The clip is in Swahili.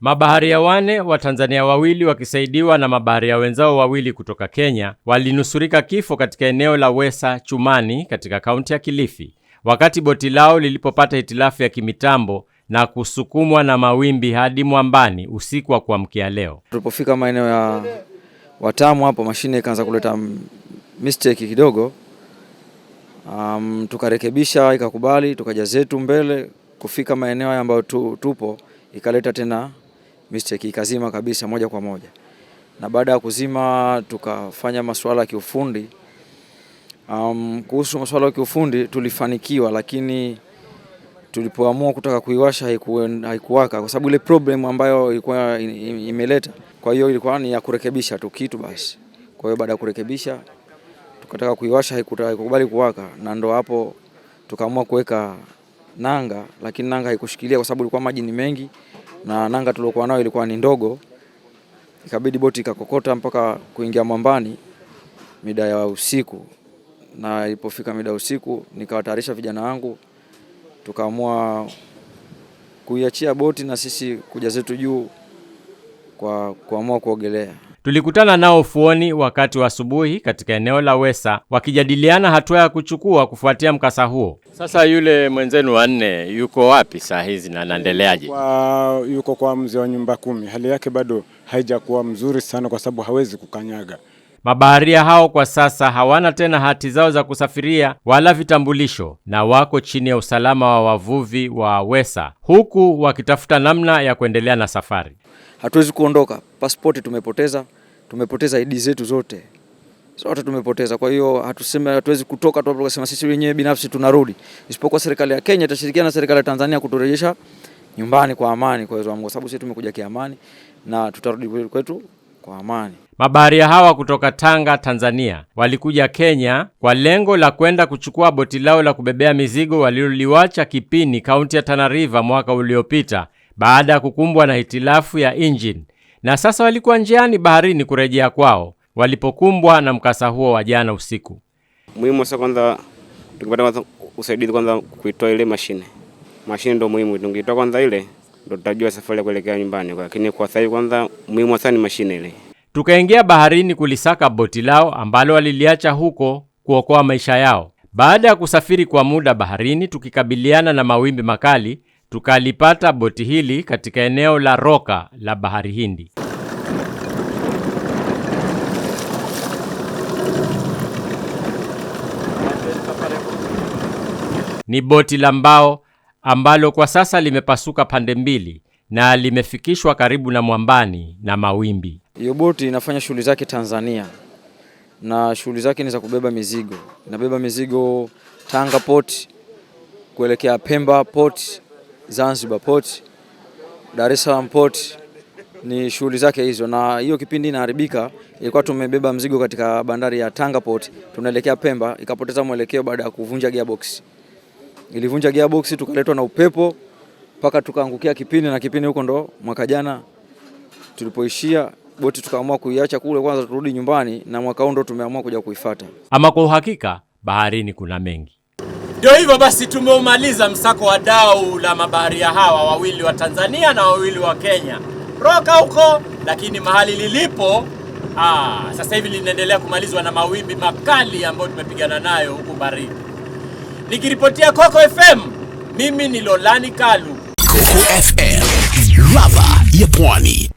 Mabaharia wane Watanzania wawili wakisaidiwa na mabaharia wenzao wawili kutoka Kenya walinusurika kifo katika eneo la Wesa Chumani katika kaunti ya Kilifi wakati boti lao lilipopata hitilafu ya kimitambo na kusukumwa na mawimbi hadi mwambani usiku wa kuamkia leo. Tulipofika maeneo ya Watamu hapo mashine ikaanza kuleta mistake kidogo. Um, tukarekebisha ikakubali, tukaja zetu mbele kufika maeneo ambayo tu, tupo ikaleta tena mistake ikazima kabisa moja kwa moja, na baada ya kuzima tukafanya masuala ya kiufundi. Um, kuhusu masuala ya kiufundi tulifanikiwa, lakini tulipoamua kutaka kuiwasha haikuwaka kwa sababu ile problem ambayo ilikuwa imeleta. Kwa hiyo ilikuwa ni ya kurekebisha tu kitu basi. Kwa hiyo baada ya kurekebisha tukataka kuiwasha, haikukubali kuwaka, na ndo hapo tukaamua kuweka nanga, lakini nanga haikushikilia kwa sababu ilikuwa maji ni mengi na nanga tuliokuwa nayo ilikuwa ni ndogo, ikabidi boti ikakokota mpaka kuingia mwambani mida ya usiku, na ilipofika mida usiku nikawatayarisha vijana wangu, tukaamua kuiachia boti na sisi kuja zetu juu kwa kuamua kuogelea. Tulikutana nao ufuoni wakati wa asubuhi katika eneo la Wesa wakijadiliana hatua ya kuchukua kufuatia mkasa huo. Sasa yule mwenzenu wa nne yuko wapi saa hizi na anaendeleaje? Kwa, yuko kwa mzee wa nyumba kumi. Hali yake bado haijakuwa mzuri sana, kwa sababu hawezi kukanyaga Mabaharia hao kwa sasa hawana tena hati zao za kusafiria wala vitambulisho na wako chini ya usalama wa wavuvi wa Wesa, huku wakitafuta namna ya kuendelea na safari. Hatuwezi kuondoka, pasipoti tumepoteza, tumepoteza ID zetu zote zote tumepoteza. Kwa hiyo hatuseme, hatuwezi kutoka tu tukasema sisi wenyewe binafsi tunarudi, isipokuwa serikali ya Kenya itashirikiana na serikali ya Tanzania kuturejesha nyumbani kwa amani, kwa sababu sisi tumekuja kiamani na tutarudi kwetu kwa amani. Mabaharia hawa kutoka Tanga, Tanzania walikuja Kenya kwa lengo la kwenda kuchukua boti lao la kubebea mizigo waliloliwacha Kipini, kaunti ya Tana River mwaka uliopita baada ya kukumbwa na hitilafu ya injini, na sasa walikuwa njiani baharini kurejea kwao walipokumbwa na mkasa huo wa jana usiku. Muhimu sasa, kwanza tukipata usaidizi, kwanza kuitoa ile mashine. Mashine ndio muhimu, tungeitoa kwanza ile ndio tutajua safari ya kuelekea nyumbani, lakini kwa sasa kwanza muhimu sana ni mashine ile. Tukaingia baharini kulisaka boti lao ambalo waliliacha huko kuokoa maisha yao. Baada ya kusafiri kwa muda baharini tukikabiliana na mawimbi makali, tukalipata boti hili katika eneo la Roka la Bahari Hindi. Ni boti la mbao ambalo kwa sasa limepasuka pande mbili na limefikishwa karibu na mwambani na mawimbi. Hiyo boti inafanya shughuli zake Tanzania na shughuli zake ni za kubeba mizigo. Inabeba mizigo Tanga port kuelekea Pemba port, Zanzibar port, Dar es Salaam port, ni shughuli zake hizo. Na hiyo kipindi inaharibika, ilikuwa tumebeba mzigo katika bandari ya Tanga port, tunaelekea Pemba, ikapoteza mwelekeo baada ya kuvunja gearbox. Ilivunja gearbox, tukaletwa na upepo mpaka tukaangukia kipindi na kipindi huko ndo mwaka jana tulipoishia boti tukaamua kuiacha kule kwanza turudi nyumbani, na mwaka huu ndo tumeamua kuja kuifuata. Ama kwa uhakika baharini kuna mengi. Ndio hivyo basi, tumeumaliza msako wa dau la mabaharia hawa wawili wa Tanzania na wawili wa Kenya, roka huko, lakini mahali lilipo ah, sasa hivi linaendelea kumalizwa na mawimbi makali ambayo tumepigana nayo huku baharini. Nikiripotia Coco FM, mimi ni Lolani Kalu, Coco FM, ladha ya Pwani.